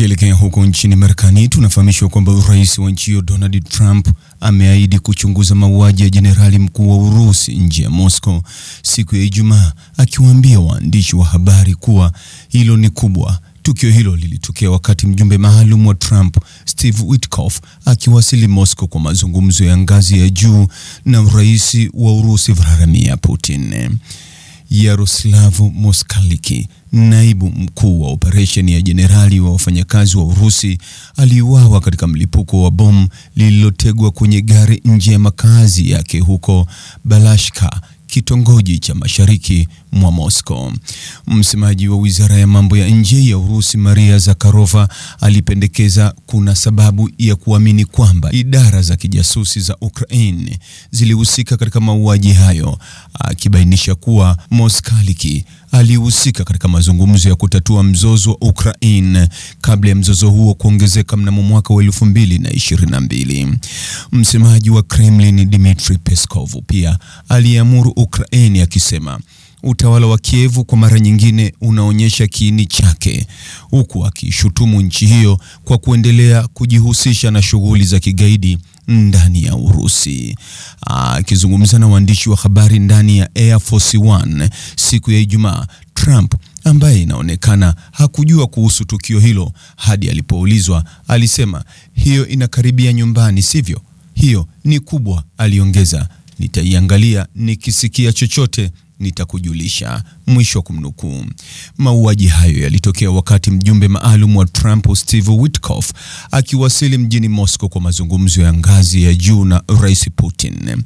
Tukielekea huko nchini Marekani, tunafahamishwa kwamba rais wa nchi hiyo Donald Trump ameahidi kuchunguza mauaji ya jenerali mkuu wa Urusi nje ya Moscow siku ya Ijumaa, akiwaambia waandishi wa habari kuwa hilo ni kubwa. Tukio hilo lilitokea wakati mjumbe maalum wa Trump Steve Witkoff akiwasili Moscow kwa mazungumzo ya ngazi ya juu na rais wa Urusi Vladimir Putin. Yaroslavu Moskaliki, naibu mkuu wa operesheni ya jenerali wa wafanyakazi wa Urusi, aliuawa katika mlipuko wa bomu lililotegwa kwenye gari nje ya makazi yake huko Balashka, kitongoji cha mashariki mwa Moscow. Msemaji wa Wizara ya Mambo ya Nje ya Urusi, Maria Zakharova, alipendekeza kuna sababu ya kuamini kwamba idara za kijasusi za Ukraine zilihusika katika mauaji hayo, akibainisha kuwa Moskaliki alihusika katika mazungumzo ya kutatua mzozo wa Ukraine kabla ya mzozo huo kuongezeka mnamo mwaka wa mbili. Msemaji wa Kremlin Dmitry Peskov pia aliamuru Ukraine akisema utawala wa Kievu kwa mara nyingine unaonyesha kiini chake, huku akishutumu nchi hiyo kwa kuendelea kujihusisha na shughuli za kigaidi ndani ya Urusi. Ah, akizungumza na waandishi wa habari ndani ya Air Force One siku ya Ijumaa, Trump ambaye inaonekana hakujua kuhusu tukio hilo hadi alipoulizwa, alisema hiyo inakaribia nyumbani, sivyo? Hiyo ni kubwa, aliongeza. Nitaiangalia nikisikia chochote nitakujulisha, mwisho wa kumnukuu. Mauaji hayo yalitokea wakati mjumbe maalum wa Trump Steve Witkoff akiwasili mjini Moscow kwa mazungumzo ya ngazi ya juu na Rais Putin.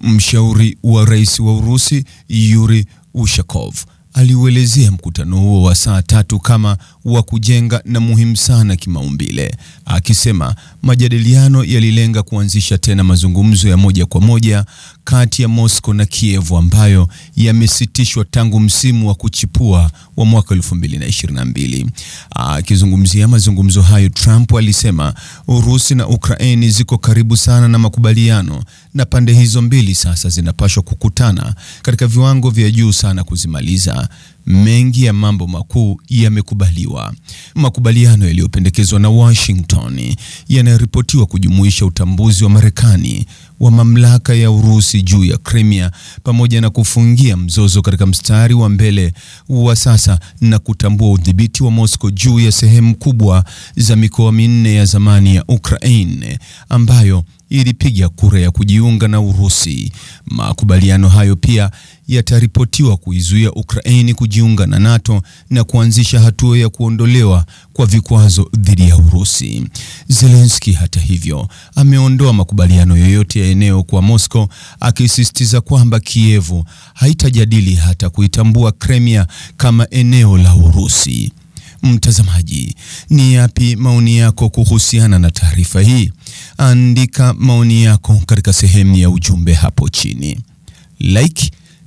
Mshauri wa Rais wa Urusi Yuri Ushakov aliuelezea mkutano huo wa saa tatu kama wa kujenga na muhimu sana kimaumbile, akisema majadiliano yalilenga kuanzisha tena mazungumzo ya moja kwa moja kati ya Moscow na Kiev ambayo yamesitishwa tangu msimu wa kuchipua wa mwaka 2022. Akizungumzia mazungumzo hayo, Trump alisema Urusi na Ukraini ziko karibu sana na makubaliano na pande hizo mbili sasa zinapaswa kukutana katika viwango vya juu sana kuzimaliza mengi ya mambo makuu yamekubaliwa. Makubaliano yaliyopendekezwa na Washington yanaripotiwa kujumuisha utambuzi wa Marekani wa mamlaka ya Urusi juu ya Crimea pamoja na kufungia mzozo katika mstari wa mbele wa sasa na kutambua udhibiti wa Moscow juu ya sehemu kubwa za mikoa minne ya zamani ya Ukraine ambayo ilipiga kura ya kujiunga na Urusi. Makubaliano hayo pia yataripotiwa kuizuia Ukraini kujiunga na NATO na kuanzisha hatua ya kuondolewa kwa vikwazo dhidi ya Urusi. Zelensky, hata hivyo, ameondoa makubaliano yoyote ya eneo kwa Moscow, akisisitiza kwamba Kievu haitajadili hata kuitambua Crimea kama eneo la Urusi. Mtazamaji, ni yapi maoni yako kuhusiana na taarifa hii? Andika maoni yako katika sehemu ya ujumbe hapo chini. Like